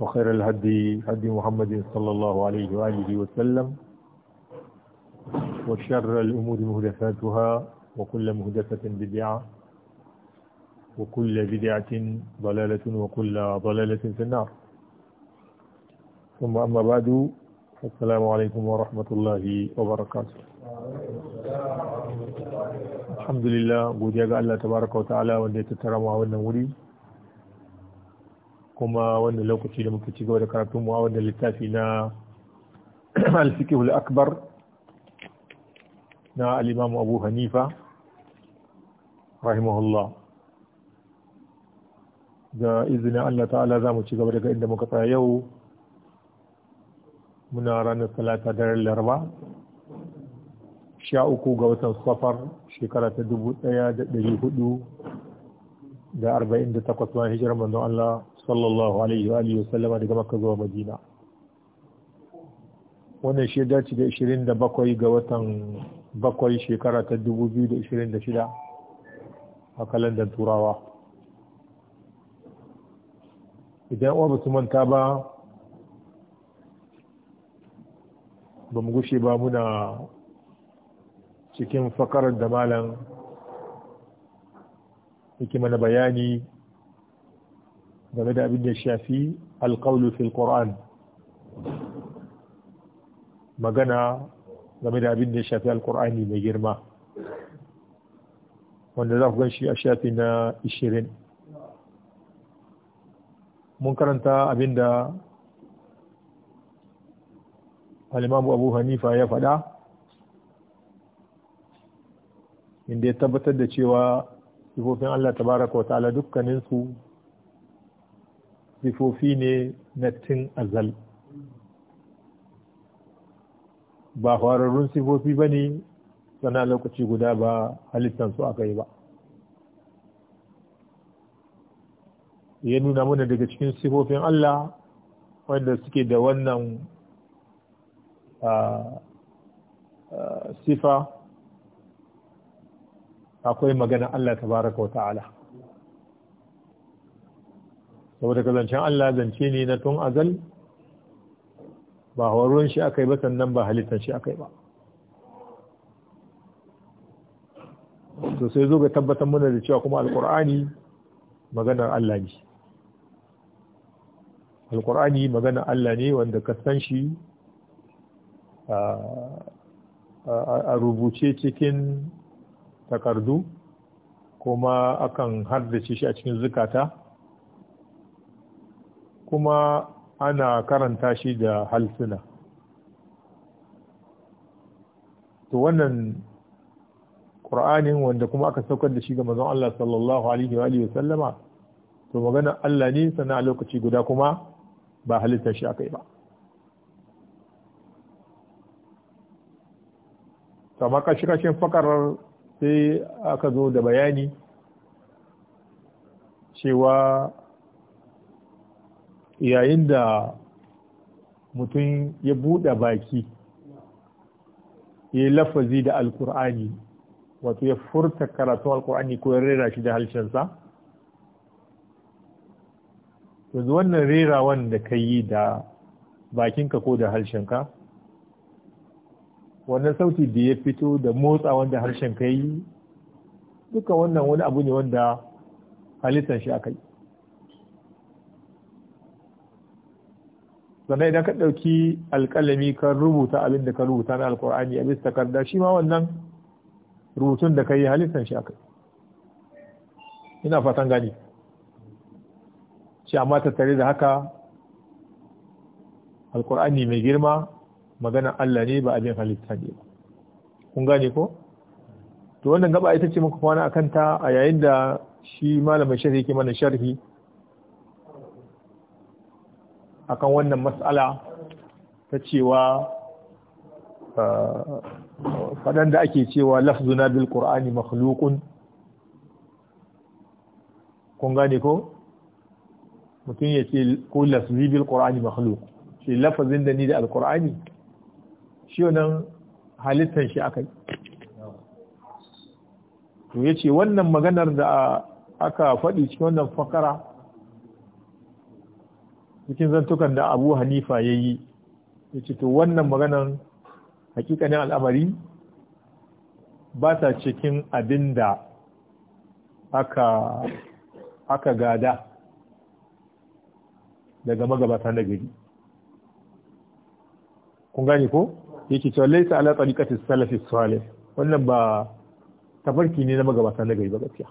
وخير الهدي هدي محمد صلى الله عليه وآله وسلم وشر الأمور مهدفاتها وكل مهدفة بدعة وكل بدعة ضلالة وكل ضلالة في النار ثم أما بعد السلام عليكم ورحمة الله وبركاته الحمد لله بوديا الله تبارك وتعالى wa ta'ala wanda ya kuma wanda lokaci da ci gaba da karatun mu a wanda littafi na alfikihul akbar na Alimamu Abu Hanifa rahimahullah da izinin Allah ta'ala za mu ci gaba daga inda muka tsaya yau muna ranar talata da laraba sha uku ga watan safar shekara ta dubu ɗaya da dari hudu da arba'in da takwas wani hijirar manzon Allah sallallahu alaihi wa alihi wasallama daga makka zuwa madina wannan shi dace da 27 ga watan bakwai shekara ta 2026 a kalandar turawa idan uwa ba su manta ba ba mu gushe ba muna cikin fakarar da malam yake mana bayani game da abin da shafi alƙaunu fil ƙoran magana game da abin da shafi alƙorani mai girma wanda za ku gan shi a shafi na 20 mun karanta abin da alimamu abu hanifa ya faɗa inda ya tabbatar da cewa sifofin allah tabaraka wa ta'ala dukkaninsu sifofi ne na tun azal ba kwararrun sifofi ba ne sana lokaci guda ba halittansu aka yi ba ya nuna mana daga cikin sifofin Allah wanda suke da wannan sifa akwai magana Allah ta baraka wa ta'ala saboda ka zancen Allah zance ne na tun azal ba horon shi aka yi ba sannan ba halittar shi aka yi ba to sai zo ga tabbatar mana da cewa kuma alkur'ani maganar Allah ne alkur'ani maganar Allah ne wanda ka san shi a rubuce cikin takardu kuma akan haddace shi a cikin zukata kuma ana karanta shi da halsuna to wannan ƙur'anin wanda kuma aka saukar da shi ga mazan Allah sallallahu alaihi wa alihi sallama to magana Allah ne sana a lokaci guda kuma ba halittar shi aka yi ba kama kashe-kashen fakarar sai aka zo da bayani cewa yayin da mutum ya buɗe baki ya lafazi da alkur'ani wato ya furta karatu alkur'ani ko ya rera shi da halshensa yanzu wannan rerawan da ka yi da bakinka ko da harshenka wannan sauti da ya fito da motsa wanda harshen yi duka wannan wani abu ne wanda halittar shi aka yi sannan idan ka ɗauki alƙalami ka rubuta abin da ka rubuta na alƙur'ani a bisa takarda shi ma wannan rubutun da ka yi halittar shi akai ina fatan gani shi amma tattare da haka alƙur'ani mai girma maganan Allah ne ba abin halitta ne ba kun gane ko to wannan gaba ita ce muka kwana akan ta a yayin da shi malamin shari'a ke mana sharhi akan wannan matsala ta cewa uh, faɗan da ake cewa lafzuna bil qur'ani makhluqun kun gane ko mutum ya ce ko lafzi bil qur'ani makhluq shi lafazin da ni da alqur'ani shi wannan halittar shi akai to yace wannan maganar da aka faɗi cikin wannan fakara cikin zantukan da abu hanifa ya yi ya ce to wannan maganan hakikanin al'amari ba ta cikin abin da aka gada daga magabata na gari kun gani ko ya yake cewa laisa ala tsarikata salafi salih wannan ba tafarki ne na magabata na gari ba gaskiya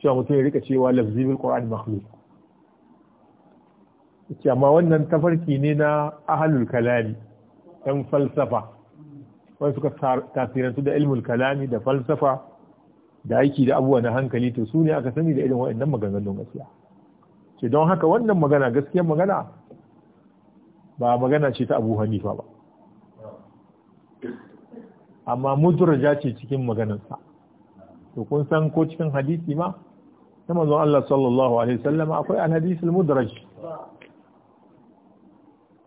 cewa mutum ya rika cewa lafzibin qur'an makhluk ce amma wannan tafarki ne na ahlul kalami ɗan falsafa wani suka tasirantu da ilmul kalami da falsafa da aiki da abubuwa na hankali to su ne aka sani da irin waɗannan maganganun gaskiya ce don haka wannan magana gaskiyar magana ba magana ce ta abu hanifa ba amma mudurja ce cikin maganarsa to kun san ko cikin hadisi ma ta manzon Allah sallallahu alaihi wasallama akwai al-hadith mudraj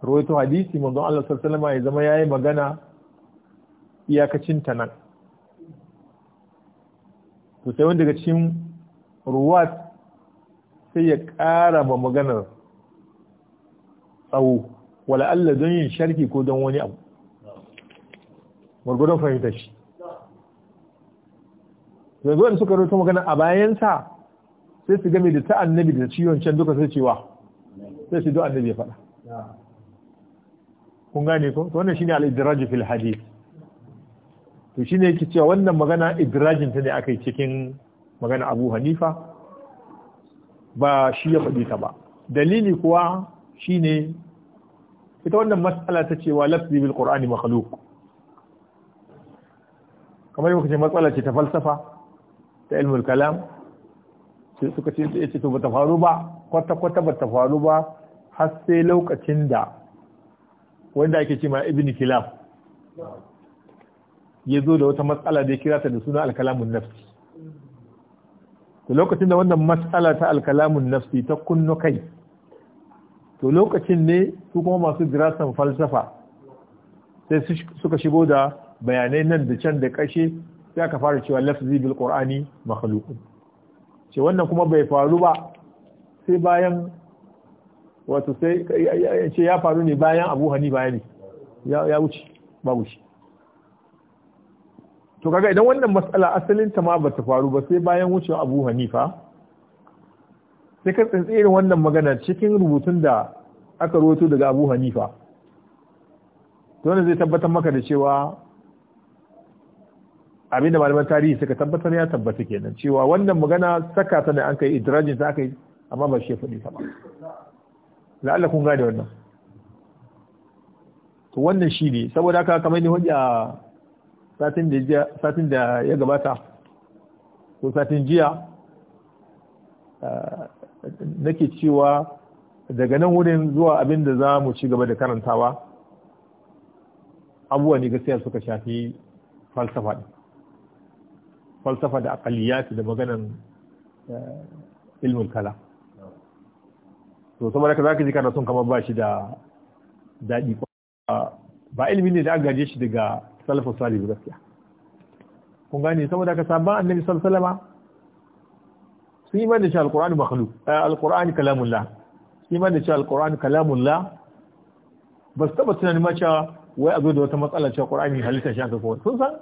rawaito hadisi manzon Allah sallallahu alaihi ya zama yayi magana iyakacin ta nan to sai wanda daga cikin ruwat sai ya ƙara ma maganar tsawo wala Allah don yin sharki ko don wani abu gwargwadon fahimtar shi yanzu wanda suka rubuta magana a bayansa sai su game da ta annabi da ciwon can duka sai cewa sai su do annabi ya faɗa kun gane ko wannan shine al-idraj fil hadith to shine yake cewa wannan magana idrajin ta ne akai cikin magana Abu Hanifa ba shi ya faɗi ta ba dalili kuwa shine ita wannan matsala ta cewa lafzi bil qur'ani makhluq kamar yau kace matsala ce ta falsafa ta ilmul kalam sai suka ce ce to bata faru ba kwata kwata bata faru ba har sai lokacin da wanda ake cewa ibn kilaf ya zo da wata matsala da ya kira ta da suna alkalamun nafsi to lokacin da wannan matsala ta alkalamun nafsi ta kunno kai to lokacin ne su kuma masu dirasan falsafa sai suka shigo da bayanai nan da can da kashe sai aka fara cewa lafzi bil qur'ani makhluqun ce wannan kuma bai faru ba sai bayan wato sai ya ce ya faru ne bayan abu hani bayani ya wuce ba wuce to kaga idan wannan matsala asalin ta ma bata faru ba sai bayan wucewa abu fa sai ka tsintsirin wannan magana cikin rubutun da aka rawaito daga abu fa to wannan zai tabbatar maka da cewa abinda malaman tarihi suka tabbatar ya tabbata kenan cewa wannan magana saka ta da an kai idrajin ta aka yi amma ba shi ya faɗi ta ba la'alla kun gane wannan to wannan shi ne saboda haka kamar ni hujja satin da satin da ya gabata ko satin jiya nake cewa daga nan wurin zuwa abin da za mu ci gaba da karantawa abubuwa ne gaskiya suka shafi falsafa falsafa da akaliyati da maganan eh, ilmin kala to saboda ka ji kana son kamar ba shi da daɗi ba ilimi ne da an gaje shi daga salafin salihu gaskiya kun gane saboda ka saba, annabi sallallahu sun yi da shi alkur'ani makhlu eh, alkur'ani kalamullah sun yi da shi alkur'ani kalamullah ba su taba tunanin mace wai a zo da wata matsala cewa qur'ani halitta shi aka kowa sun san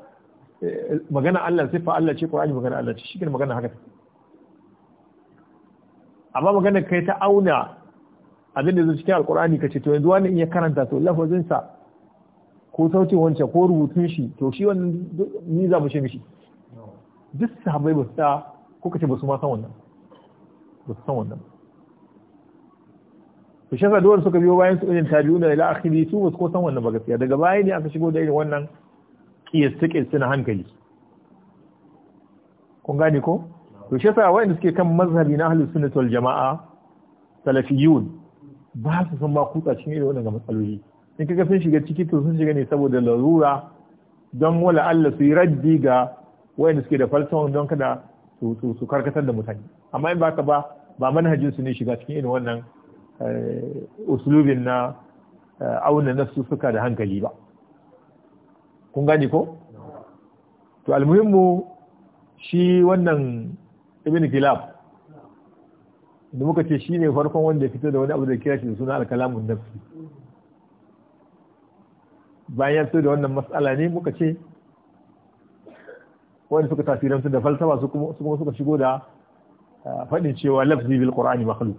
eh, magana Allah sifa Allah ce qur'ani magana Allah ce shi magana haka amma magana kai ta auna abin da zai cikin alkur'ani ka ce to yanzu wani iya karanta to lafazinsa ko sautin wancan ko rubutun shi to shi wannan ni za mu shi mishi duk sahabbai ba su ta ko kace ba su ma san wannan ba su san wannan to shi yasa duwar suka biyo bayan su irin tabi'una ila akhiri su ba su ko san wannan ba gaskiya daga baya ne aka shigo da irin wannan kiyastike na hankali kun gane ko to shi yasa wa'anda suke kan mazhabi na ahlus sunnah wal jama'a salafiyun ba su san ma kutsa cikin irin wannan matsaloli in kaga sun shiga ciki to sun shiga ne saboda larura don wala Allah su yi raddi ga wayanda suke da falsafa don kada su su karkatar da mutane amma in baka ba ba manhajin su ne shiga cikin irin wannan eh, usulubin na eh, auna nasu suka da hankali ba kun gane ko to almuhimmu shi wannan ibn kilab da muka ce shi ne farkon wanda ya fito da wani abu da kira shi da suna alkalamun nafsi bayan ya fito da wannan matsala ne muka ce wanda suka su da falsafa su kuma suka shigo da ah, faɗin cewa lafzi bil qur'ani makhluq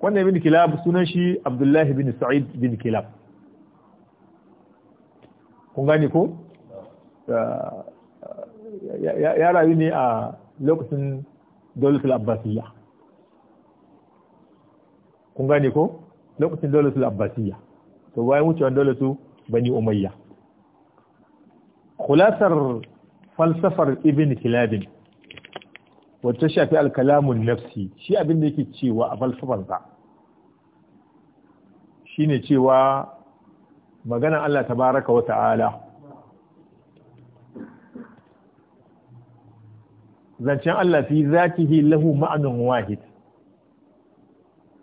wannan ibn kilab sunan shi abdullahi bin sa'id bin kilab kun gane ko ah, ya rayu ne a lokacin dolatul abbasiyya kun gane ko lokacin dolatul abbasiyya to bayan wucewar dolatu bani umayya khulasar falsafar ibn kilabin wacce shafi alkalamun nafsi shi abin da yake cewa a falsafarsa shine cewa maganan Allah ta wa ta'ala zancen Allah fi zatihi lahu ma'anun wahid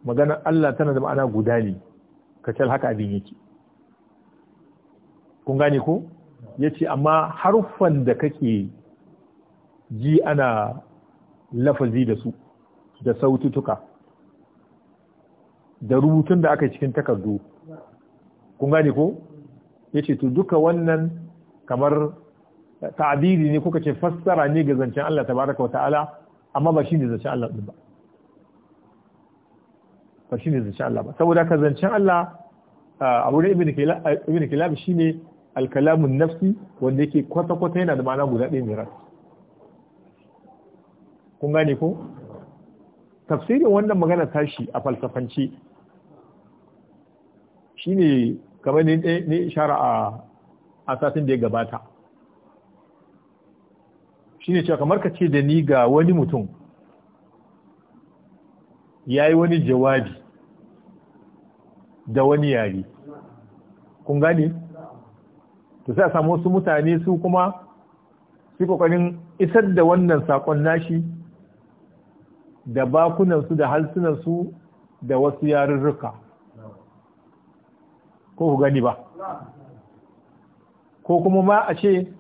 maganar Allah tana da ma'ana guda ne kacal haka abin yake kun gane ko ce amma haruffan da kake ji ana lafazi da su da sautuka da rubutun da aka yi cikin takardu kun gane ko ce to duka wannan kamar ta'abiri ne kuka ce fassara ne ga zancen Allah tabaraka wa ta'ala amma ba shine zancen Allah ba ba ne zancen Allah ba saboda ka zancen Allah a wurin ibn kilab shine alkalamun nafsi wanda yake kwata kwata yana da ma'ana guda ɗaya mai ras kun gane ko tafsirin wannan magana tashi a falsafance shine kamar ne ishara a satin da ya gabata shine cewa kamar ka ce da ni ga wani mutum ya yi wani jawabi da wani yari kun gane to sai a samu wasu mutane su kuma su kokarin isar da wannan sakon nashi da bakunansu da halsunansu da wasu yarurruka ko ku gani ba ko kuma ma a ce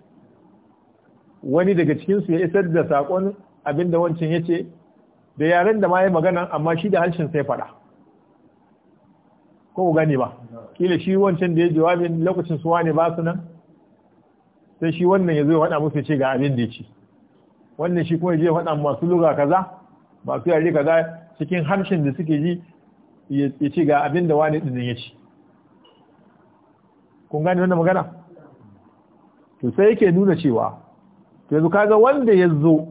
wani daga cikinsu ya isar da saƙon abinda wancan ya ce da yaren da ma ya magana amma shi da harshen sai faɗa ko ku gane ba kila shi wancan da ya jawabin lokacin su wani ba su nan sai shi wannan ya zo ya faɗa musu ce ga abin da ya ci. wannan shi kuma ya je ya faɗa masu lura kaza masu yare kaza cikin harshen da suke ji ya ce ga abin da wani ɗin ya ci. kun gane wannan magana to sai yake nuna cewa yanzu kaga wanda ya zo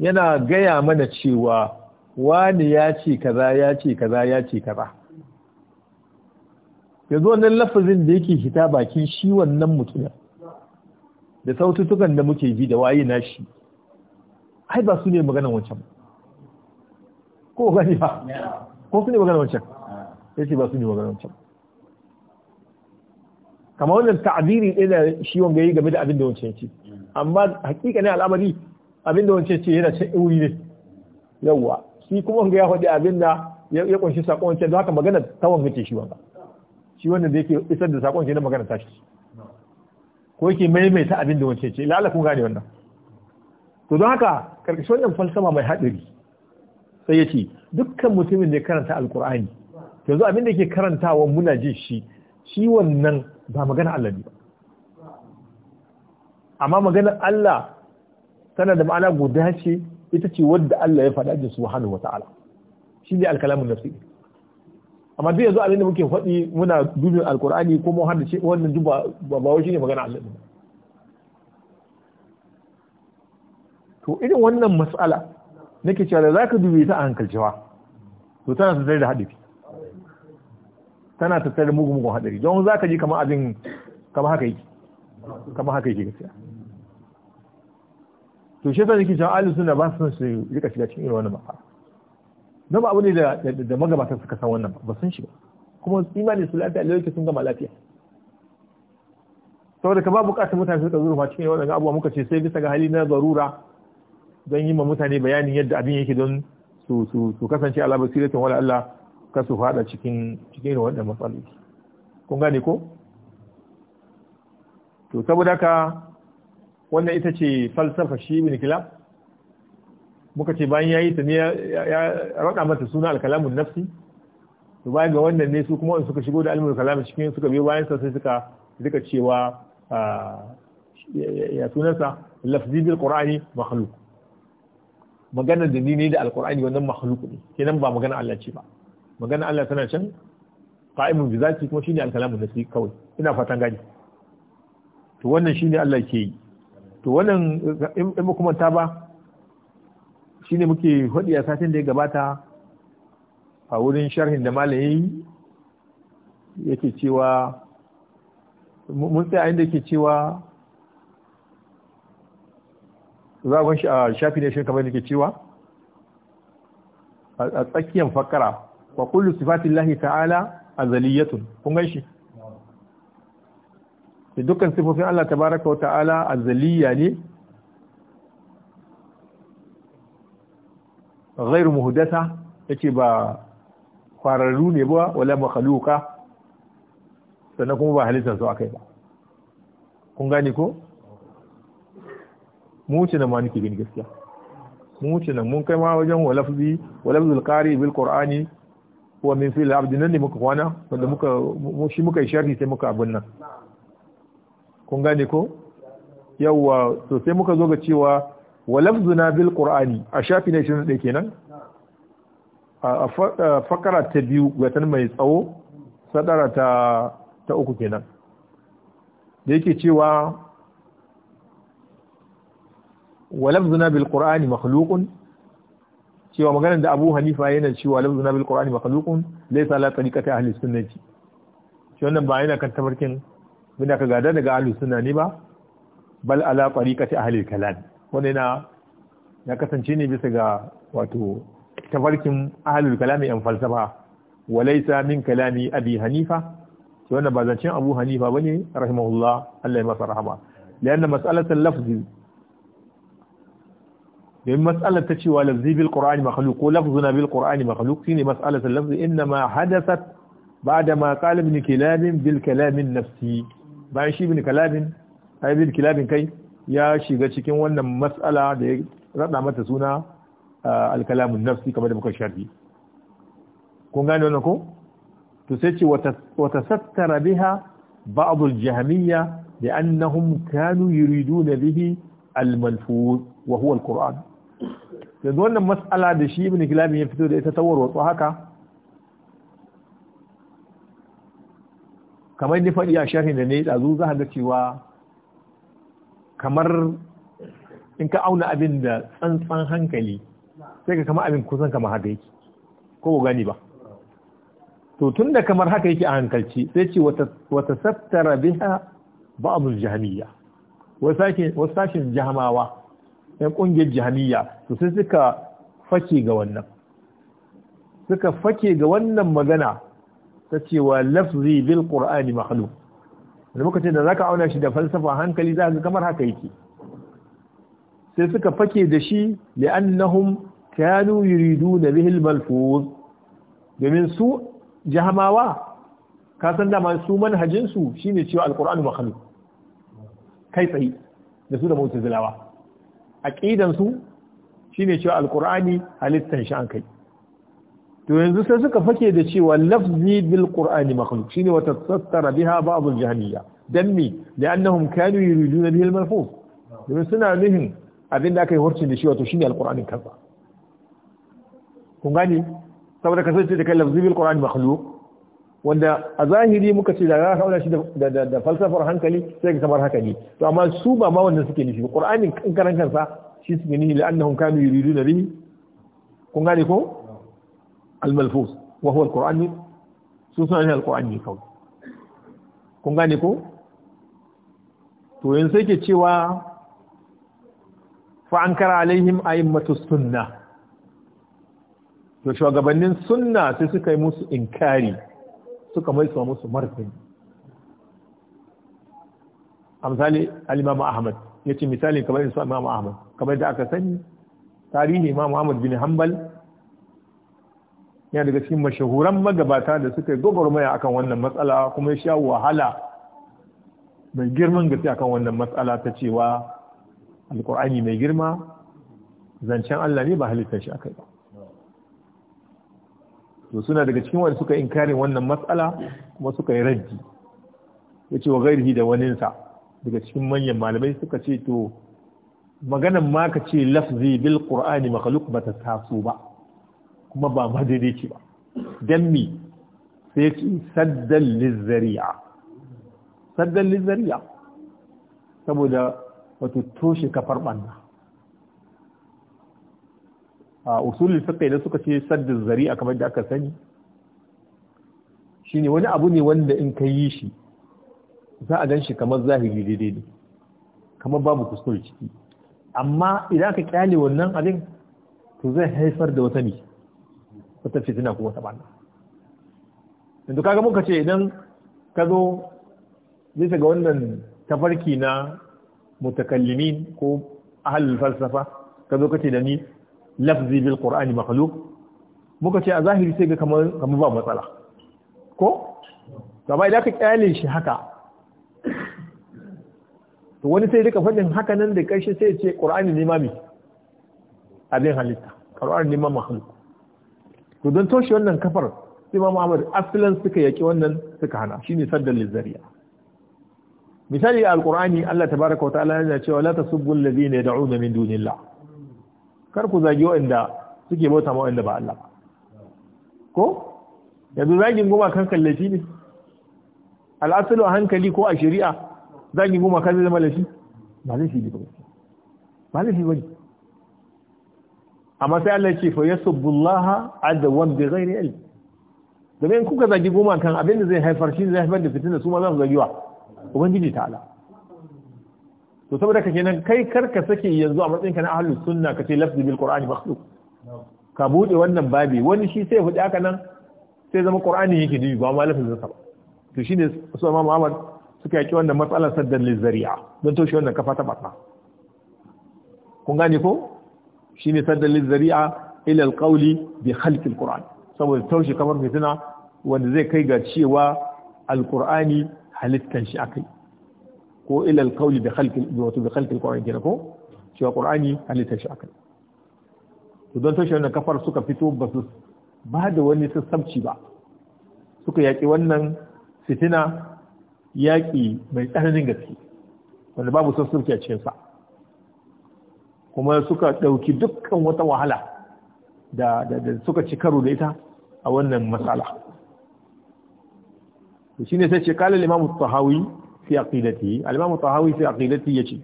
yana gaya mana cewa wani ya ce kaza ya ce kaza ya ce kaza yanzu wannan lafazin da yake hita bakin shi wannan mutumin da sautukan da muke ji da waye na shi ai ba su ne maganan wancan ko gani ba ko su ne maganan wancan ya ce ba su ne maganan wancan kamar wannan ta'abiri ɗaya da shi wanga yi game da abin da wancan ce amma hakika ne al'amari abinda wancan ce yana cin wuri ne yawwa shi kuma wanga ya faɗi abinda ya kunshi sakon wancan Don haka magana ta wanga ce shi wanga shi wanda da yake isar da sakon ce na magana ta shi ko yake maimaita abinda wancan ce la'ala kun gane wannan to don haka karkashin wannan falsafa mai haɗari sai ya ce dukkan mutumin da ya karanta alkur'ani yanzu abin da ke karantawa muna jin shi shi wannan ba magana Allah ne ba amma maganar Allah tana da ma'ana guda ce ita ce wadda Allah ya faɗa da subhanahu ta'ala, shi ne alkalamun nafsi amma duk yanzu abin da muke faɗi muna dubin alkur'ani ko mu hada wannan duba ba wai shine magana Allah ne to irin wannan mas'ala nake cewa da zaka dubi ta a hankalcewa to tana tattare da hadari tana tattare da mugun mugun hadari don zaka ji kamar abin kamar haka yake kamar haka yake gaskiya to shi yake nake cewa ahlus sunna ba su su rika shiga cikin irin wannan matsala dan abu ne da da magabata suka san wannan ba sun shiga kuma imani su lafiya yake sun gama lafiya saboda ka ba bukatar mutane su ka zurfa cikin wannan abubuwa muka ce sai bisa ga hali na zarura don yi ma mutane bayanin yadda abin yake don su kasance ala basiratun wala Allah ka su fada cikin cikin irin wannan matsaloli kun gane ko to saboda ka wannan ita ce falsafa shi ibn kilab muka ce bayan yayi ta ne ya rada mata suna al-kalamun nafsi to bayan ga wannan ne su kuma wanda suka shigo da ilmul kalam cikin suka biyo bayan sa sai suka rika cewa ya sunansa lafzi bil qur'ani makhluq magana da ni ne da alqur'ani wannan makhluq ne kenan ba magana Allah ce ba magana Allah tana can qa'imun bi zati kuma shine al-kalamun nafsi kawai ina fatan gani to wannan shine Allah ke yi to wannan in ba kuma ta ba ne muke hudu a satin da ya gabata a wurin sharhin da malayi yake cewa mun a inda yake cewa zagon shafi ne shi kamar yake cewa a tsakiyar fakara wa kullu sifatillahi ta'ala azaliyatun kun gan shi da dukkan sifofin Allah tabaraka wa ta'ala azaliya ne Hudata ya yace ba fararru ne ba wala makhluqa sannan kuma ba halittar su akai ba kun gane ko mu wuce nan ma gani gaskiya mu wuce mun kai ma wajen walafzi walafzul qari bil qur'ani huwa min fil abdi nan ne muka kwana wanda muka shi muka sharhi sai muka abun nan kun gane ko yawwa to sai muka zo ga cewa wa lafzuna bil qur'ani a shafi ne da yake kenan a fakara ta biyu gatan mai tsawo sadara ta ta uku kenan da yake cewa wa lafzuna bil qur'ani makhluqun cewa maganar da Abu Hanifa yana cewa lafzuna bil qur'ani makhluqun laysa la tariqata ahli sunnati shi wannan ba yana kan tabarkin wanda ka gada daga ahlus sunna ne ba bal ala tariqati ahlil kalam wannan na ya kasance ne bisa ga wato tafarkin ahlul kalami yan falsafa walaisa min kalami abi hanifa to wannan ba zancen abu hanifa bane rahimahullah Allah ya masa rahama lianna mas'alatul lafzi domin mas'alar ta cewa lafzi bil qur'ani makhluq ko lafzuna bil qur'ani makhluq shine mas'alatul lafzi inma hadathat ba'da ma qala ibn kilab bil kalam an nafsi bayan shi ibn kalabin kilabin kai ya shiga cikin wannan mas'ala da ya rada mata suna al nafsi kamar da muka sharhi kun gane wannan ko to sai ce wata sattara biha ba'd al-jahmiyya لأنهم كانوا يريدون به المنفوذ وهو القرآن yanzu wannan mas'ala da shi ibn kilabin ya fito da ita warwatsu haka kamar ni faɗi a sharhin da ne ɗazu za a ga cewa kamar in ka auna abin da tsantsan hankali sai ka kama abin kusan kamar haka yake ko gani ba to tun da kamar haka yake a hankalci sai ce wata sattara biha ba'abul jihamiya wasu sashen jahamawa yan kungiyar jihamiya to sai suka fake ga wannan suka fake ga wannan magana ta cewa lafzi bil qur'ani makhluq da muka ce da zaka auna shi da falsafa hankali za ka kamar haka yake sai suka fake da shi li'annahum kanu yuriduna bihi malfuz domin su jahamawa ka san da ma su manhajin su shine cewa al-qur'anu makhluq kai tsayi da su da mu'tazilawa aqidan su shine cewa al-qur'ani halittan shi an kai to yanzu sai suka fake da cewa lafzi bil qur'ani makhluq shine wata tattara biha ba'd al jahmiya dan me li'annahum kanu yuriduna bihi al malfuz domin suna nihin abin da aka yi hurcin da shi wato shine al qur'ani kansa kun gani saboda kasance da kai lafzi bil qur'ani makhluq wanda a zahiri muka ce da za ka shi da falsafar hankali sai ka kamar haka ne to amma su ba ma wannan suke nufi qur'anin kankaran kansa shi suke nufi la'annahum kanu yuriduna bihi kun gani ko الملفوظ وهو wa huwa هي يكو suna غاني كو تو kun gane فانكر to yanzu sai ke cewa fa an سي سكاي موس sunna to shugabannin sunna sai suka yi musu inkari suka mai musu al-imam ahmad yace misali kamar imam kamar da aka sani tarihi imam ahmad bin hanbal yana daga cikin mashahuran magabata da suka yi gwagwarmaya kan wannan matsala kuma ya sha wahala mai girman gaske akan wannan matsala ta cewa alkur'ani mai girma zancen Allah ne ba halittar shi akai ba to suna daga cikin wanda suka inkarin wannan matsala kuma suka yi raddi ya ce wa gairihi da waninsa daga cikin manyan malamai suka ce to maganan ma ka ce lafzi bil qur'ani makhluq ba ta taso ba kuma ba madaidaici ba don mi sai ce saddan lizzariya saddan lizzariya saboda wato toshe kafar banna a usulul fiqh da suka ce saddan zari'a kamar da aka sani shine wani abu ne wanda in ka yi shi za a gan shi kamar zahiri daidai ne kamar babu kuskure ciki amma idan ka kyale wannan abin to zai haifar da wata ne wata fitina ko wata banna yanzu kaga muka ce idan ka zo bisa ga wannan tafarki na mutakallimin ko ahlul falsafa ka zo kace da ni lafzi bil qur'ani makhluq muka ce a zahiri sai ga kamar kamar ba matsala ko amma idan ka kyale shi haka to wani sai rika faɗin haka nan da ƙarshe sai ce ƙur'ani ne mami abin halitta ƙur'ani ne mami to don toshe wannan kafar imam ahmad asalan suka yaki wannan suka hana shine saddan lizariya misali alqur'ani Allah tabaaraka wa ta'ala yana cewa la tasubbu alladhina yad'una min dunillah kar ku zagi wanda suke bauta ma wanda ba Allah ba ko yanzu zagin goma kan kallafi ne al'asalu a hankali ko a shari'a zagin goma kan zama lafi ba zai fi ba ba zai fi bane amma sai Allah ce fa yasubbullaha adawan bi ghairi ilm domin kuka zagi goma kan abin da zai haifar shi zai haifar da fitina su ma za su zagi wa ubangiji ta'ala to saboda ka nan kai karka sake yanzu a matsayin ka na ahlus sunna kace lafzi bil qur'ani makhluq ka bude wannan babi wani shi sai fudi haka nan sai zama qur'ani yake dubi ba ma lafzin sa to shine su ma Muhammad suka yaki wannan matsalar saddan lizari'a don toshe wannan kafa ta batna kun gane ko shine sadalin zari'a ila alqawli bi halkin alquran saboda taushe kamar fitina wanda zai kai ga cewa alqur'ani halittan shi akai ko ila alqawli bi khalqi wato bi halkin alquran kenan ko cewa qur'ani halittan shi akai to don taushe wannan kafar suka fito ba su ba da wani sassabci ba suka yaƙi wannan fitina yaƙi mai tsananin gaske wanda babu sassabci a cikinsa kuma suka ɗauki dukkan wata wahala da suka ci karo da ita a wannan matsala shi ne sai ce kala limamu tahawi fi aqidati alimamu imamu tahawi fi aqidati ce.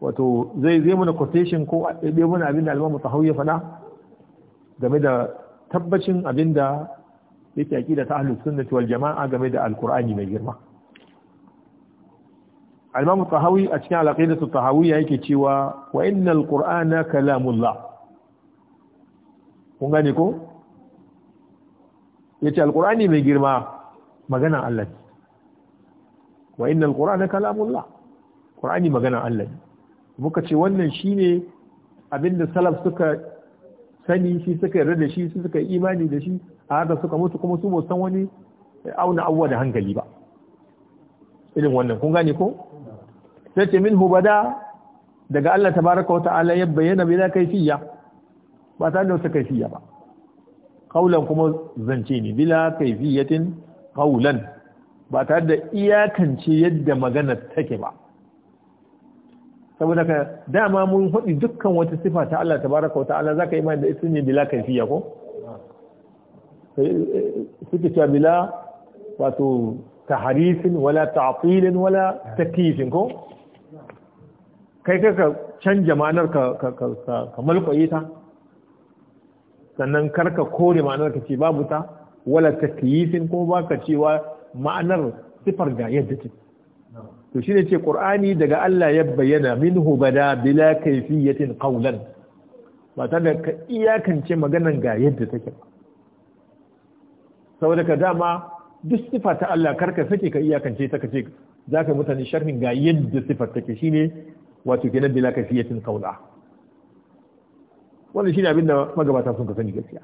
wato zai zai muna quotation ko ɗaya muna abin da alimamu tahawi ya fana game da tabbacin abin da yake aqida ta ahlus sunnati wal jama'a game da al mai girma al-imam tahawi a cikin al-aqidatu tahawiyya yake cewa wa innal qur'ana kalamullah kun gane ko yace al-qur'ani mai girma magana Allah ne wa innal qur'ana kalamullah qur'ani magana Allah ne muka ce wannan shine abinda salaf suka sani shi suka yarda da shi suka imani da shi a haka suka mutu kuma su ba san wani auna awwa da hankali ba irin wannan kun gane ko sai ce minhu bada daga Allah tabaraka wa ta'ala ya bayyana bi za kaifiya ba ta da wata kaifiya ba qaulan kuma zance ne bila kaifiyatin qaulan ba ta da iyakance yadda magana take ba saboda ka dama mun faɗi dukkan wata sifa ta Allah tabaraka wa ta'ala zaka yi imani da ita ne bila kaifiya ko suke cewa bila wato taharifin wala ta'tilin wala takifin ko kai kai ka canja ma'anar ka malkwaye ta sannan karka kore ma'anar ka ce babu ta wala takyifin ko ba ka cewa ma'anar sifar ga yadda ce to shi ne ce qur'ani daga Allah ya bayyana minhu bada bila kayfiyatin qawlan ba ta da ka iyakance maganan ga yadda take ba saboda ka dama duk sifa ta Allah karka sake ka iyakance ta kace zaka mutane sharhin ga yadda sifar take shine wato nan bila kafiyatin qawla wannan shine abin da magabata sun ka sani gaskiya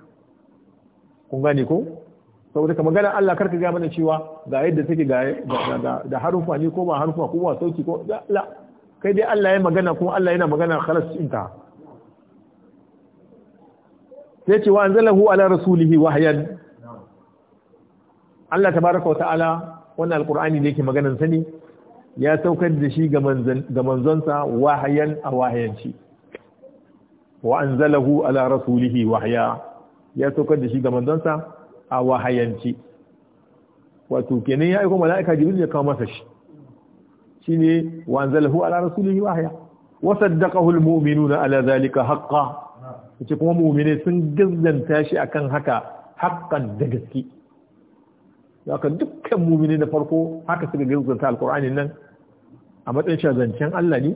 kun gane ko saboda ka magana Allah karka ga mana cewa ga yadda take ga da harufa ne ko ba harufa ko ba sauki ko la kai dai Allah ya magana kuma Allah yana magana khalas inta sai ce wa anzalahu ala rasulihi wahyan Allah tabaraka wa ta'ala wannan alqur'ani da yake maganar ne ya saukar da shi ga manzonsa wahayan a wahayanci wa zalahu ala rasulihi wahaya ya saukar da shi ga manzonsa a wahayanci wato kenan ya aiko mala'ika jibril ya kawo masa shi shine wa zalahu ala rasulihi wahaya wa saddaqahu almu'minuna ala zalika haqqan yace kuma mu'mine sun gazzanta shi akan haka haqqan da gaske haka dukkan mu'mine na farko haka suka gazzanta alqur'anin nan a matsayin shazancen Allah ne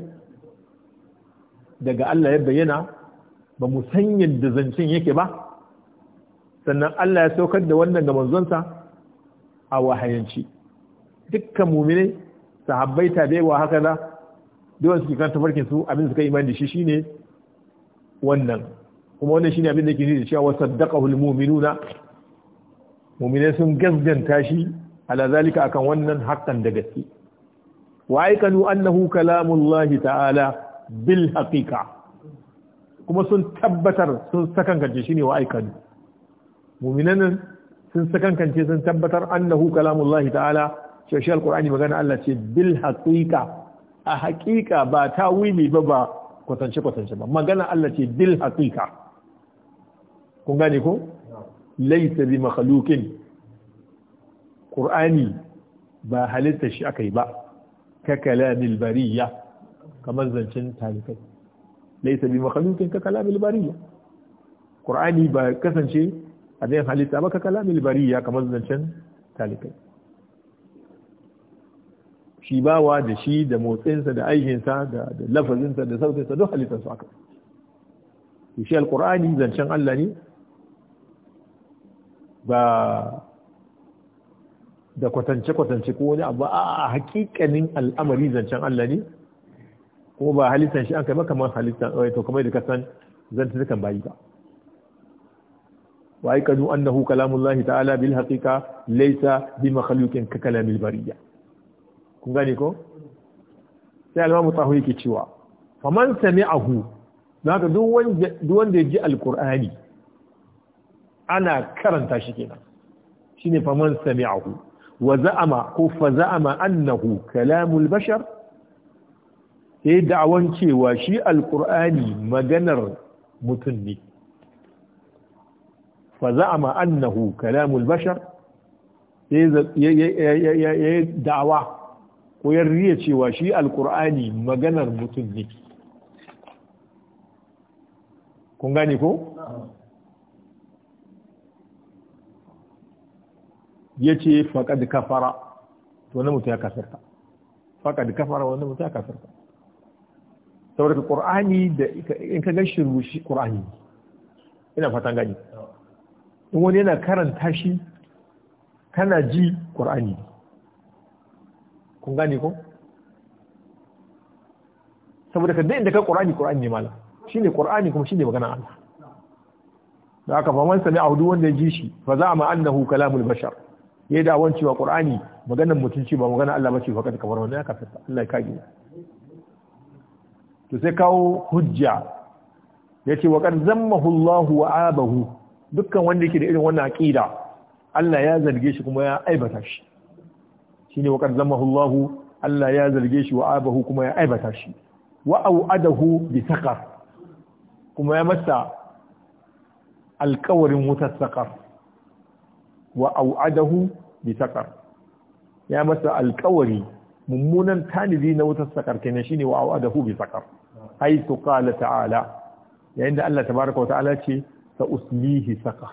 daga Allah ya bayyana ba mu san yadda zancen yake ba sannan Allah ya saukar da wannan ga manzonsa a wahayanci dukkan mumine sahabbai tabi'wa haka da dole suke kan tafarkin su abin suka imani da shi shine wannan kuma wannan shine abin da ke cewa almu'minuna mu'mine sun gaskanta shi ala zalika akan wannan hakan da gaske wa aikanu annahu kalamullahi ta'ala bil haqiqa kuma sun tabbatar sun sakankance shine wa aikanu mu'minan sun sakankance sun tabbatar annahu kalamullahi ta'ala shashi alqur'ani magana Allah ce bil haqiqa a haqiqa ba ta tawili ba ba kwatance kwatance ba magana Allah ce bil haqiqa kun gane ko laysa bi makhluqin qur'ani ba halitta shi aka yi ba ka kalamil bariya kamar zancen talibai laisa bi ka kalamil bariya qur'ani ba kasance a البرية halitta ba ka kalamil bariya kamar da shi da motsinsa da aikinsa da lafazinsa da sautinsa duk halittarsu aka shi alkur'ani zancen Allah ne ba da kwatance-kwatance ko wani abu a hakikanin al'amari zancen Allah ne Ko ba halittar shi an kai maka halittar eh, to kamar da ka san zanta dukan bayi ba wa aikadu annahu kalamullahi ta'ala bil haqiqa laysa bi makhluqin ka kalamil bariya kun gane ko sai al-imamu tahawi yake cewa faman sami'ahu zaka duk wanda duk wanda ya ji alqur'ani ana karanta shi kenan shine faman sami'ahu wa za'ama ko fa za'ama annahu kalamul bashar sai da'awan cewa shi alqur'ani maganar mutum ne fa za'ama annahu kalamul bashar sai ya da'awa ko ya riya cewa shi alqur'ani maganar mutum ne kun gane ko ya ce faƙad kafara to wani mutu ya kafirta faƙad kafara wani mutu ya kafirta saboda ka ƙur'ani da in ka gashi rushi ƙur'ani ina fatan gani in wani yana karanta shi kana ji ƙur'ani kun gane ko saboda ka daidai ka ƙur'ani ƙur'ani ne mala shi ne ƙur'ani kuma shi ne magana Allah da aka faman sami a hudu wanda ya ji shi fa za a ma'annahu kalamul bashar yayi da awan cewa ƙur'ani maganar mutunci ba maganar Allah ba ce kada kamar wani ya kafa Allah ya kage to sai kawo hujja yace wa qad zammahu Allah wa abahu dukkan wanda yake da irin wannan aqida Allah ya zarge shi kuma ya aibata shi shine wa qad zammahu Allah Allah ya zarge shi wa abahu kuma ya aibata shi wa au'adahu bi saqar kuma ya masa alƙawarin wutar saƙar. wa au'adahu bi saqar ya masa alƙawari mummunan tanidi na wutar sakar kenan shine wa au'adahu bi saqar haythu qala ta'ala yayin da Allah tabaraka wa ta'ala ce sa uslihi saqar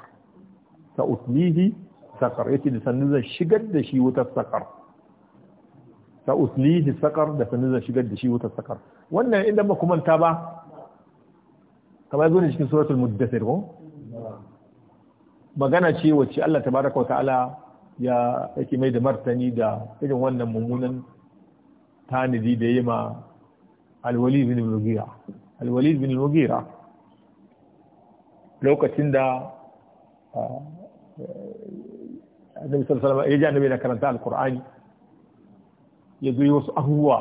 sa uslihi saqar yace da sanin zan shigar da shi wutar sakar sa uslihi saqar da sanin zan shigar da shi wutar sakar wannan inda ba kuma ta ba kamar zo ne cikin suratul muddathir ko magana ce wacce Allah Ta wa ta'ala ya yake mai da martani da irin wannan mummunan tanadi da yi ma alwali bin mugira alwali bin mugira lokacin da eh, annabi sallallahu alaihi wasallam ya ji annabi da karanta alqur'ani ya zo wasu abubuwa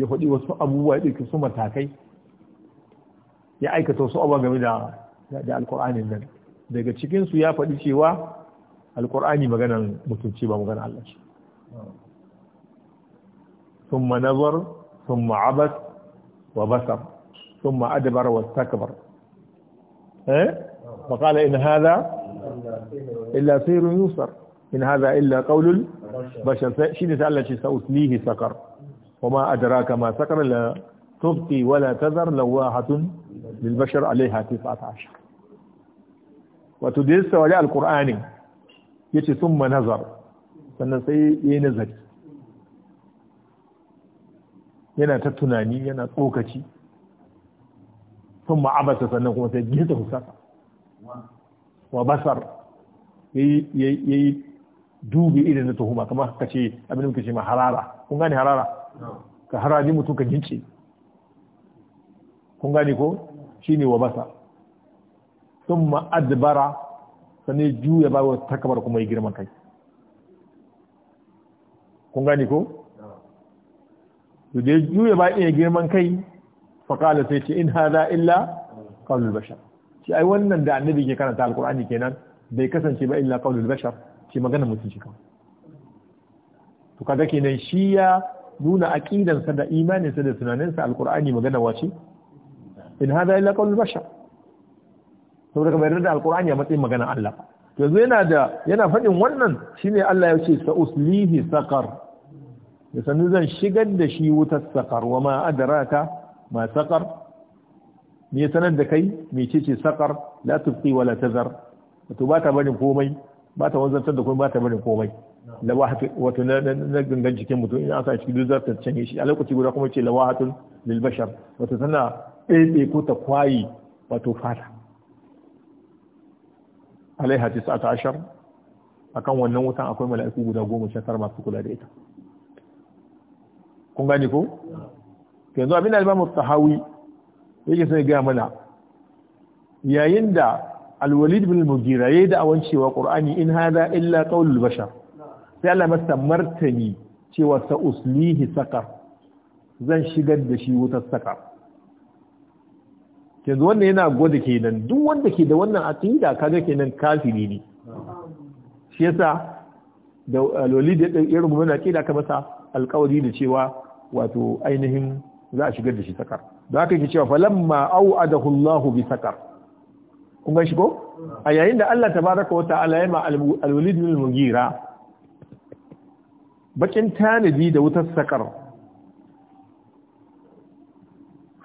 ya faɗi wasu abubuwa ya ɗauki su matakai ya aikata wasu abubuwa game da da alkur'anin nan daga cikinsu ya faɗi cewa alƙur'ani maganan mutunci ba maganan Allah ce thumma nazar thumma abas wa basar thumma adbar wa takbar eh fa qala in hadha illa sayrun yusar in hadha illa qawlul bashar shine sai Allah ce sa uslihi sakar وما أدراك ما سكر لا تبقي ولا تذر لواحة للبشر عليها تسعة عشر wato da ya saurari alkur'anin ya ce sun manazar sannan sai ya yi nazari yana ta tunani yana tsokaci sun ma'abasa sannan kuma sai gisa husasa wa basar ya yi dubi irin na tuhuma kamar ka ce abin da muke ce ma harara kun gane harara ka haraji mutum ka gince kun gane ko shine wa basar sun ma'adbara sani juya ba wata takabar kuma yi girman kai kun gani ko? su je juya ba iya girman kai faƙala sai ce in haza illa ƙaunar bashar shi ai wannan da annabi ke karanta alƙur'ani kenan bai kasance ba illa ƙaunar bashar ce magana mutum shi kawai to kaga kenan shi ya nuna aqidansa da imaninsa da tunaninsa alqur'ani magana wace in hada illa qawl bashar saboda ka bayar da alkur'ani a matsayin magana Allah yanzu yana da yana faɗin wannan shine Allah ya ce sa uslihi saqar da sanu zan shigar da shi wutar saqar wa ma adraka ma saqar me sanar da kai me ce ce saqar la tubqi wala tazar to ba ta barin komai ba ta wanzantar da komai ba ta barin komai lawahatu wato na gangan jikin mutum in aka cikin duzar ta canye shi a lokaci guda kuma ce lawahatun lil bashar wato tana ɗaiɗe ta kwayi wato fata alaiha tis'ata ashar akan wannan wutan akwai mala'iku guda goma sha masu kula da ita kun gane ko yanzu abin da al-Imam Tahawi yake sai ga mana yayin da Al-Walid bin Mughira yayi da awan cewa Qur'ani in hada illa qaulul bashar sai Allah masa martani cewa sa uslihi sakar zan shigar da shi wutar sakar yanzu wannan yana gwada kenan duk wanda ke da wannan aqida kaga kenan kafiri ne shi yasa da loli da ya rubuta aqida ka masa alƙawari da cewa wato ainihin za a shigar da shi sakar da haka yake cewa falamma au'adahu hulahu bi sakar kun ga ko a yayin da Allah tabaraka wa ta'ala ya ma al-walid mugira bakin tanadi da wutar sakar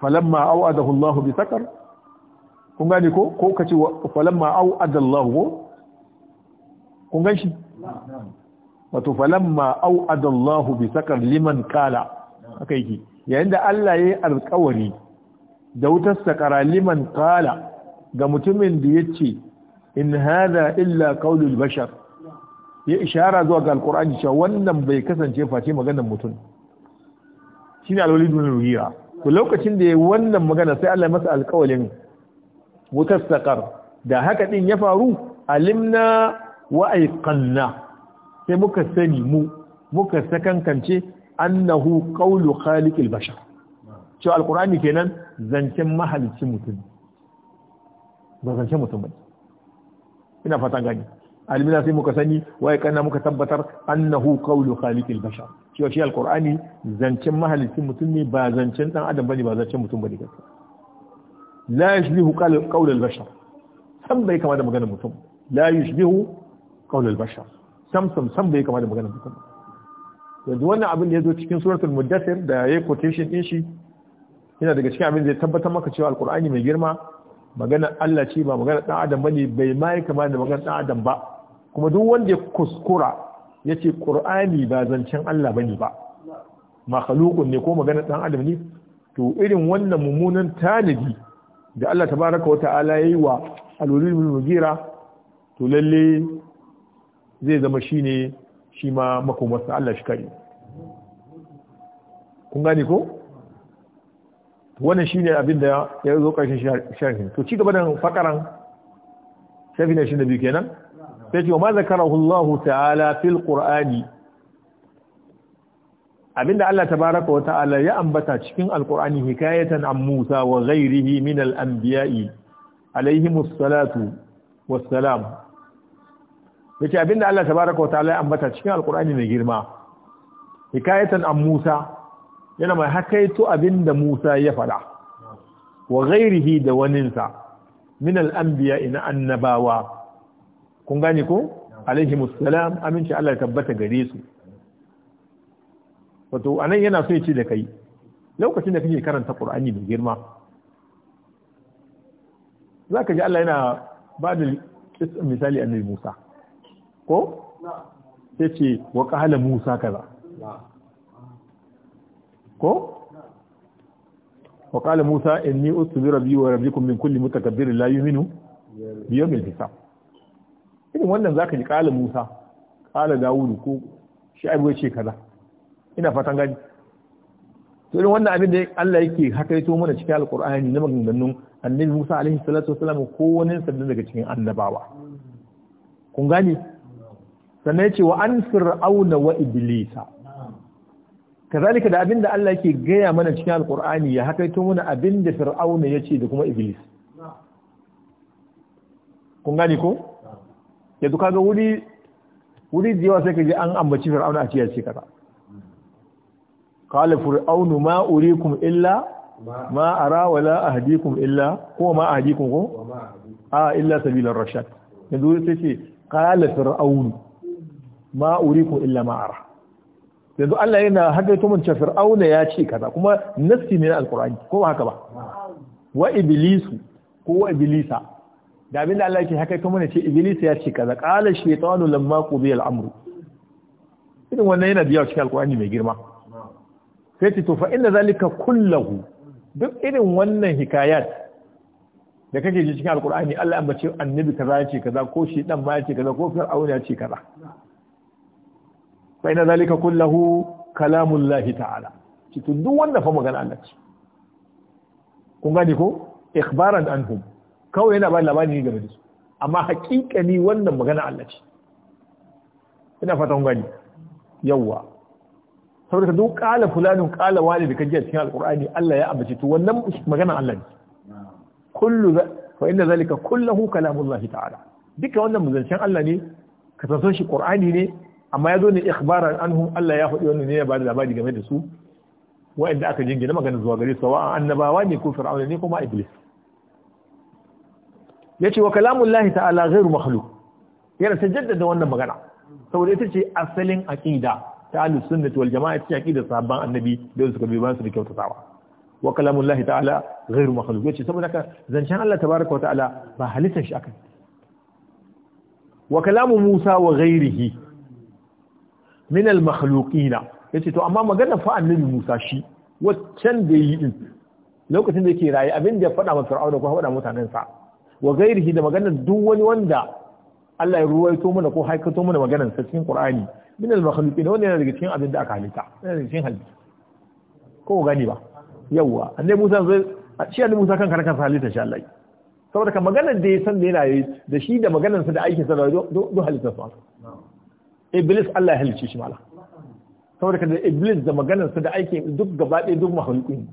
falamma au'adahu Allah bi sakar kun gane ko ko kace falamma au'ada Allah ko kun gan wato falamma au'ada Allah bi sakar liman kala haka yake yayin da Allah yayi alƙawari da wutar sakara liman kala ga mutumin da yace in hada illa qaulul bashar ya ishara zuwa ga alqur'ani cewa wannan bai kasance face maganar mutum shine alwalid bin to lokacin da ya wannan magana sai Allah masa alƙawalin wutar saƙar da haka din ya faru alimna wa aiqanna sai muka sani mu muka sakankance annahu qawlu khaliqil bashar to alqur'ani kenan zancen mahalicin mutum ba zancen mutum ba ina fatan gani alimna sai muka sani wa aiqanna muka tabbatar annahu qawlu khaliqil bashar cewa shi alkur'ani zancen mahalicin mutum ne ba zancen dan adam bane ba zancen mutum bane gaskiya la yashbihu qawl al-bashar sam bai kama da maganar mutum la yashbihu qawl al-bashar sam sam sam bai kama da maganar mutum duk wannan abin da yazo cikin suratul muddathir da yayi quotation din shi yana daga cikin abin da ya tabbatar maka cewa alkur'ani mai girma maganar Allah ce ba maganar dan adam bane bai mai kama da maganar dan adam ba kuma duk wanda ya kuskura ya ce ƙur'ani ba zancen Allah ba ne ba makhalukun ne ko magana ɗan adam ne to irin wannan mummunan tanadi da Allah tabaraka wa ta'ala yayi wa alwalid bin mugira to lalle zai zama shine shi ma makomarsa Allah shi kare kun gane ko wannan shine abin da ya zo ƙarshen sharhin to ci gaba da fakaran shafi da biyu kenan sai ce wa ma zakarahu Allah ta'ala fil qur'ani abinda Allah tabaraka wa ta'ala ya ambata cikin alqur'ani hikayatan an Musa wa ghairihi min al-anbiya'i wassalam yace abinda Allah tabaraka wa ta'ala ya ambata cikin alqur'ani mai girma hikayatan an Musa yana mai hakaito abinda Musa ya faɗa wa ghairihi da waninsa min al-anbiya'i na annabawa kun gane ko alaihi musallam aminci Allah ya tabbata gare su wato anan yana so ya ci da kai lokacin da kake karanta Qur'ani mai girma zaka ji Allah yana ba da misali annabi Musa ko sai ce wa qala Musa kaza ko wa qala Musa inni usbiru bi wa rabbikum min kulli mutakabbirin la yu'minu biyawmil hisab irin wannan zaka ji kala Musa kala Dawudu ko shi abu ya ce kaza ina fatan gani to irin wannan abin da Allah yake hakaito mana cikin alqur'ani na maganganun annabi Musa alaihi salatu wasalam ko wani sabbin daga cikin annabawa kun gani sannan yace wa an fir'auna wa iblisa kazalika da abin da Allah yake gaya mana cikin alqur'ani ya hakaito mana abin da fir'auna yace da kuma iblis kun gani ko yanzu kaga wuri wuri da yawa sai ka ji an ambaci fir'auna a ciyar shekara qala fir'aunu ma urikum illa ma ara wala ahdikum illa ko ma ahdikum ko a illa sabila rashad yanzu sai ce qala fir'aunu ma urikum illa ma ara yanzu Allah yana hadaito ta cewa fir'auna ya ce kaza kuma nassi ne na alqur'ani ko ba haka ba wa iblisu ko wa iblisa da abin da Allah ke haka kuma ne ce iblis ya ce kaza qala shaytanu lamma qudiya al-amru irin wannan yana biya cikin alqur'ani mai girma sai ce to fa inna zalika kullahu duk irin wannan hikayat da kake ji cikin alqur'ani Allah an bace annabi kaza ya ce kaza ko shi dan ma ya ce kaza ko fir'aun ya ce kaza fa inna zalika kullahu kalamullahi ta'ala cikin duk wanda fa magana Allah ce kun gane ko ikhbaran anhum kawai yana ba labari game da su amma hakikani wannan magana Allah ce ina fatan gani yawa saboda duk kala fulanin kala wani da kaje cikin alqur'ani Allah ya ambace to wannan magana Allah ne kullu fa inna zalika kulluhu kalamullahi ta'ala duka wannan muzancin Allah ne ka san shi qur'ani ne amma yazo ne ikhbaran anhum Allah ya faɗi wannan ne ya ba da labari game da su wa'anda aka jingina magana zuwa gare su wa annabawa ne ko fir'auna ne ko kuma iblis yace wa kalamun lahi ta'ala ghairu makhluq yana ta jaddada wannan magana saboda ita ce asalin aƙida ta ahlus sunnati wal jama'a ta aqida sahabban annabi da suka bi bayan su da kyautatawa wa kalamun lahi ta'ala ghairu makhluq yace saboda haka zancen Allah tabaaraka wa ta'ala ba halittar shi akai wa kalamun Musa wa ghairihi min al makhluqina yace to amma magana fa annabi Musa shi waccan da yi din lokacin da yake raye abin da ya faɗa wa Fir'auna ko faɗa mutanen sa wa gairihi da maganar duk wani wanda Allah ya ruwaito mana ko haikato mana maganar sa cikin Qur'ani min al makhluqin wannan yana daga cikin abin da aka halitta yana daga cikin halitta ko gani ba yawa annabi Musa zai shi annabi Musa kan karkan halitta insha Allah saboda kan maganar da ya san da yana yi da shi da maganar sa da aikin sa da do halitta sa Iblis Allah ya halice shi mala saboda kan Iblis da maganar sa da aikin duk gaba ɗaya duk makhluqin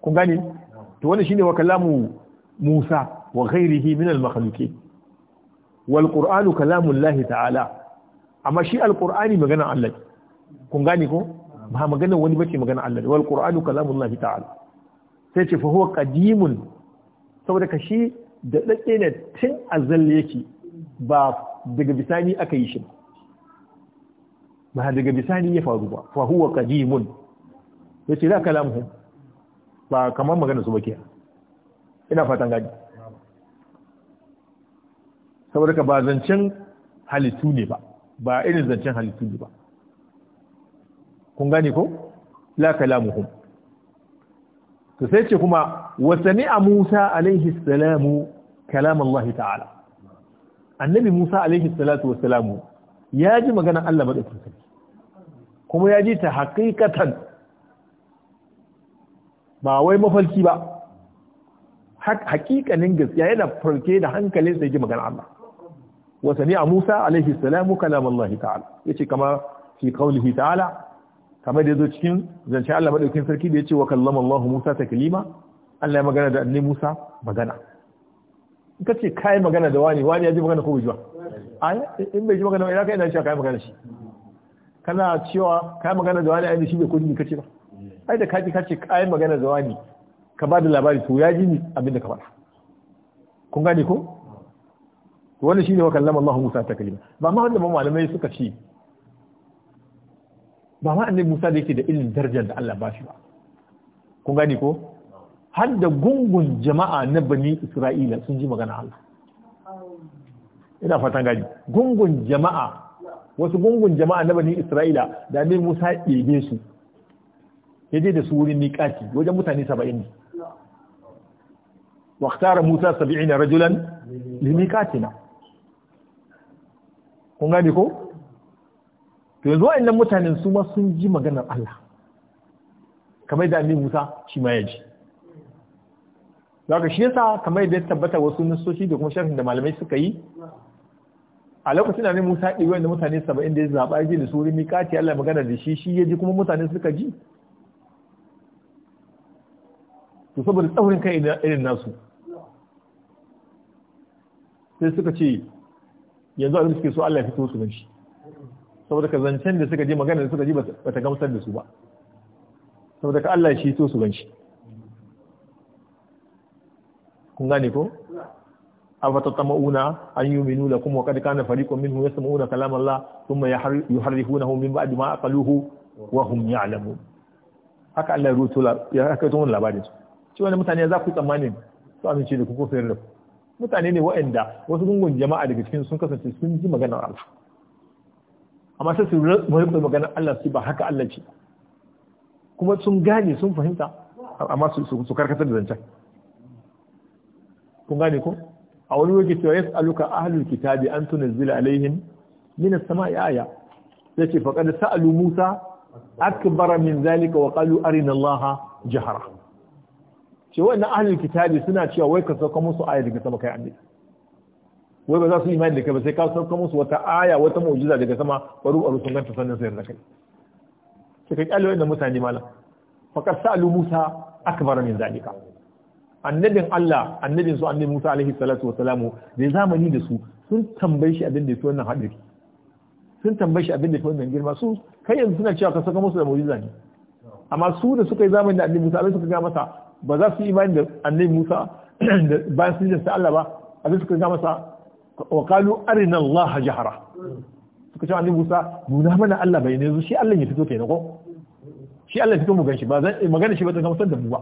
kun gani to wannan shine wa kalamu Musa وغيره من المخلوقين والقران كلام الله تعالى اما ta'ala amma shi الله كون magana كو ما مغنى وني ba magana wani والقران magana الله تعالى سيتي فهو ta'ala ce fa huwa saboda ka shi da dade ne tun azal yake ba daga bisani aka yi shi ba daga bisani ya faru ba fa huwa qadimun yace la ba kamar magana ba ina fatan gani saboda ka ba zancen halittu ne ba ba irin zancen halittu ne ba kun gane ko la kalamuhum to sai ce kuma wa sami'a Musa alaihi salamu kalam Allah ta'ala annabi Musa alaihi salatu wassalamu ya ji maganar Allah madaukakin sarki kuma ya ji ta haƙiƙatan ba wai mafalki ba haƙiƙanin gaskiya yana farke da hankalin sai ji maganar Allah wa a Musa alaihi salamu kalam Allah ta'ala yace kama fi qawlihi ta'ala kamar da zo cikin zance Allah madaukakin sarki da yace wa kallama Allah Musa taklima Allah ya magana da annabi Musa magana in ka ce kai magana da wani wani ya ji magana ko bai ai in bai ji magana ba ina kai ina cewa kai magana shi kana cewa kai magana da wani ai shi bai kudi kace ba ai da kaji kace kai magana da wani ka ba da labari to ya ji ni abinda ka faɗa kun gane ko Wani shi ne wa kallama Allah Musa ta kalima ba ma wanda malamai suka ce ba ma annabi Musa da yake da ilimin darajar da Allah ba shi ba kun gani ko har da gungun jama'a na bani Isra'ila sun ji magana Allah ina fatan gani gungun jama'a wasu gungun jama'a na bani Isra'ila da annabi Musa ɗebe su ya je da su wurin miƙati wajen mutane 70 ne واختار موسى سبعين رجلا لميقاتنا kun gane ko to yanzu wa'annan mutanen su ma sun ji maganar Allah kamar da annabi Musa shi ma ya ji daga shi yasa kamar da ya tabbata wasu nassoshi da kuma sharhin da malamai suka yi a lokacin da annabi Musa ɗiwa da mutane 70 da ya zaba ji da su wurin kati Allah magana da shi shi ya ji kuma mutane suka ji to saboda tsaurin kai irin nasu sai suka ce yanzu a suke so Allah ya fito su ban shi saboda ka zancen da suka ji magana da suka ji ba ta gamsar da su ba saboda ka Allah ya shi fito su ban shi kun gane ko afata tama'una an yi minu lakum wa kada kana fariqun minhum yasma'una kalam Allah thumma yuharrifunahu min ba'di a kaluhu wa ya alamu haka Allah ya rutula ya haka tun labarin su ci wani mutane za ku tsammani su amince da ku ko sayar da ku mutane ne waɗanda wasu gungun jama'a daga cikin sun kasance sun ji maganar Allah amma sai su rikon maganar Allah su ba haka Allah ce kuma sun gane sun fahimta amma su karkata da zancen kun gane ko a wani wuri cewa aluka ahlul kitabi an tuna tunzila alaihim min as-sama'i aya yace faqad sa'alu Musa akbara min zalika wa qalu arina Allah jahara ce wa'annan ahlul kitabi suna cewa wai ka sauka musu aya daga sama kai annabi wai ba za su imani da kai ba sai ka sauka musu wata aya wata mu'jiza daga sama baro a rusun ganta sannan sai da kai sai ka kyale wa'annan mutane malam faqad sa'alu Musa akbar min zalika annabin Allah annabin su annabi Musa alaihi salatu wa salamu da zamani da su sun tambaye shi abin da yake wannan hadari sun tambaye shi abin da yake wannan girma su kai yanzu suna cewa ka sauka musu da mu'jiza ne amma su da suka yi zamani da annabi Musa alaihi suka ga masa ba za su yi imani da annabi Musa bayan sun jinsa Allah ba zai suka ga masa wa kalu arina Allah jahara suka ce annabi Musa nuna mana Allah bai ne shi Allah ya fito kenan ko shi Allah ya fito mu ganshi ba zan magana shi ba ta gamsar da mu ba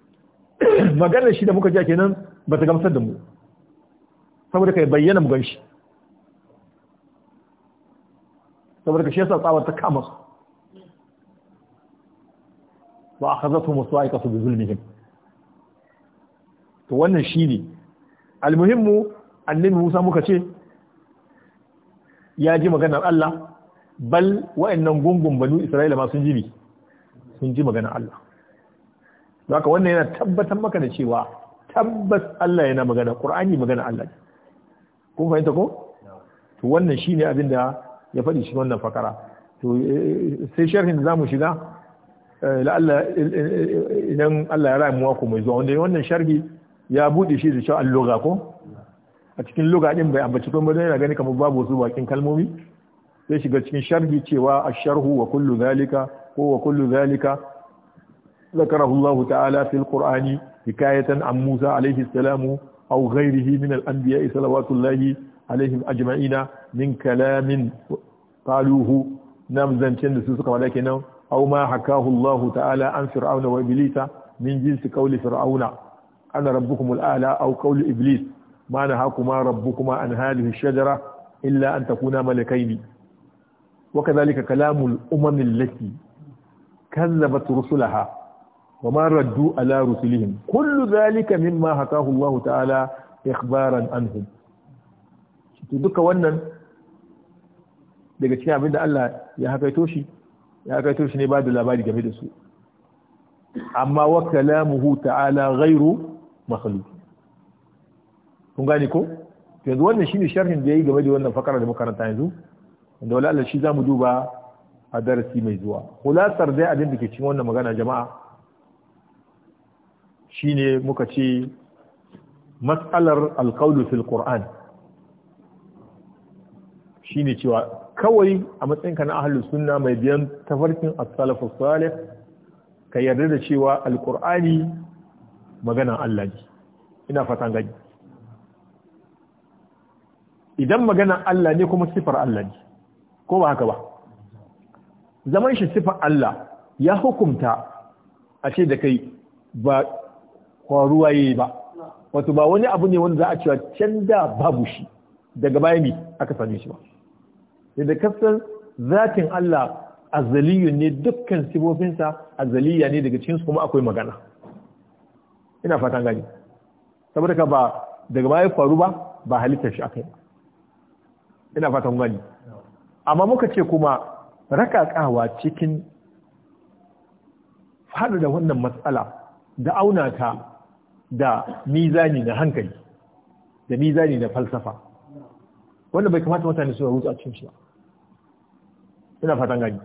magana shi da muka ji kenan ba ta gamsar da mu saboda kai bayyana mu ganshi saboda ka shi yasa tsawar ta kama su wa akhadhatuhum sa'iqatu bi zulmihim to wannan shine almuhimmu annabi Musa muka ce ya ji maganar Allah bal wa'annan gungun banu Isra'ila ma sun ji sun ji maganar Allah don haka wannan yana tabbatar maka da cewa tabbas Allah yana magana Qur'ani magana Allah kun fahimta ko to wannan shine abin da ya faɗi shi wannan fakara to eh, eh, sai sharhin da zamu shiga Eh, la'alla idan Allah ya ramuwa ku mai zuwa wanda wannan sharhi ya buɗe shi da cewa al-lugha ko a cikin lugha din bai ambaci kuma dan yana gani kamar babu wasu bakin kalmomi sai shiga cikin sharhi cewa a sharhu wa kullu zalika ko wa kullu zalika ذكره الله تعالى في القرآن حكاية عن موسى عليه السلام أو غيره من الأنبياء صلوات الله عليهم أجمعين من كلام قالوه نام زنشن da su suka wada kenan Au ma hakahu Allah ta'ala an fir'auna wa iblisa min jinsi qawli fir'auna ana rabbukum al'ala au qawli iblis ma nahakuma rabbukuma an hadhihi shajara illa an takuna malakaini وكذلك كلام الأمم التي كذبت رسلها وما ردوا على رسلهم كل ذلك مما حكاه الله تعالى إخبارا عنهم duka wannan daga cikin abin da Allah ya hakaito shi ya kaito shi ne ba da labari game da su amma wa kalamuhu ta'ala ghairu makhluq kun gane ko yanzu wannan shine sharhin da yayi game da wannan fakara da makaranta yanzu wanda wala Allah shi zamu duba a darasi mai zuwa khulasar dai abin da ke cikin wannan magana jama'a shine muka ce mas'alar alqawlu fil qur'an shine cewa kawai a matsayinka na ahlus sunna mai biyan tafarkin as-salafus salih ka yarda da cewa alqur'ani maganan Allah ne ina fatan gani idan maganan Allah ne kuma sifar Allah ne ko ba haka ba zaman shi sifar Allah ya hukumta a ce da kai ba kwaruwa yi ba wato ba wani abu ne wanda za a cewa can da babu shi daga baya ne aka same shi ba da kasar zatin Allah azaliyun ne dukkan sibofinsa azaliya ne daga cikinsu kuma akwai magana ina fatan gani saboda ka ba daga baya faru ba ba halittar shi akai ina fatan gani amma muka ce kuma rakakawa cikin faɗa da wannan matsala da auna ta da mizani na hankali da mizani na falsafa wanda bai kamata mutane su rutsa cikin shi ba ina fatan gani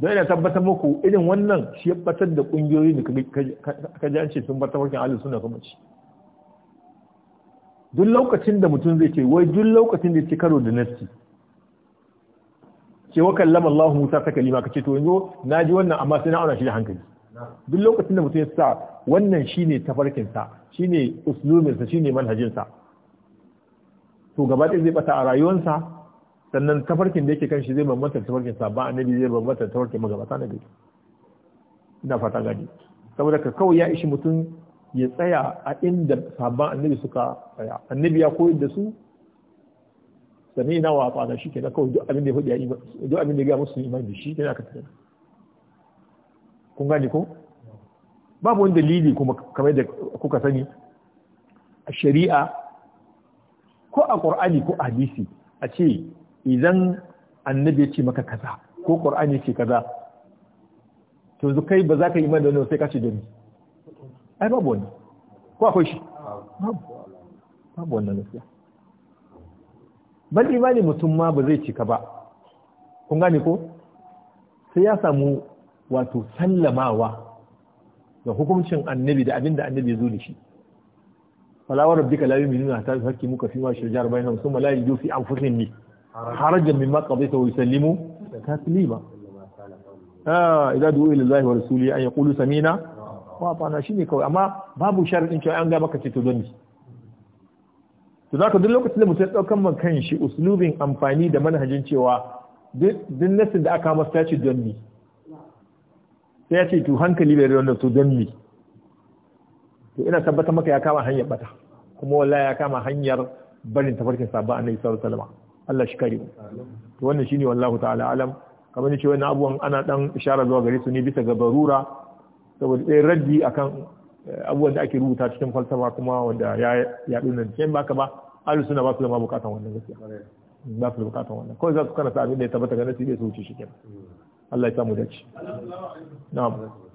don ina tabbatar muku irin wannan shi ya batar da kungiyoyi da ka ji an ce sun bar tafarkin alu suna kuma ci duk lokacin da mutum zai ce wai duk lokacin da ya ci karo da nasti ce wa kallama Allah Musa ta kalima kace to yanzu naji wannan amma sai na auna shi da hankali duk lokacin da mutum ya sa wannan shine tafarkin sa shine uslumin sa shine manhajin sa to gaba ɗaya zai bata a rayuwarsa sannan tafarkin da yake kan shi zai bambanta tafarkin sabon annabi zai bambanta tafarkin magabata na gari ina fata gani saboda ka kawai ya ishi mutum ya tsaya a inda sabon annabi suka tsaya annabi ya koyar da su sannan ina wa fada shi kenan kawai duk abin da ya hudu ya duk abin da ya gaya musu imani da shi kenan aka kun gane ko babu wani dalili kuma kamar da kuka sani a shari'a ko a qur'ani ko a hadisi a ce idan annabi ya ce maka kaza ko qur'ani ce kaza to zu kai ba za ka yi mana da sai ka ce da ni ai babu wani, ko akwai shi babu wannan gaskiya Ban imani mutum ma ba zai cika ba kun gane ko sai ya samu wato sallamawa da hukuncin annabi da abinda annabi ya zo da shi falawar rabbika la yu'minuna hatta yuhaqqimuka fi ma shajara bainahum thumma la yajidu fi anfusihim harajan مما ma qadayta تسليما اه اذا دعوا الى الله ورسوله ان يقولوا سمينا an yaqulu samina wa باب شر kawai amma babu بك cewa an ga maka ce to don ni to zaka duk lokacin da mutum ya daukan man kanshi uslubin amfani da manhajin cewa duk nasin da aka masa ce don ni sai ce to hankali bai don ni tabbatar maka ya kama hanyar kuma wallahi ya kama hanyar barin tafarkin sabbin annabi sallallahu alaihi wasallam Allah shi kare to wannan shine wallahu ta'ala alam kamar ce wannan abubuwan ana dan ishara zuwa gare su ne bisa ga barura saboda dai raddi akan eh, abubuwan da ake rubuta cikin falsafa kuma wanda ya yaɗu nan cikin baka ba ahlus sunna ba su da bukatan wannan gaskiya ba su da bukatan wannan kawai za su kana sa abin da ya tabbata ga nasi ne su wuce shi kenan mm. Allah ya samu dace na'am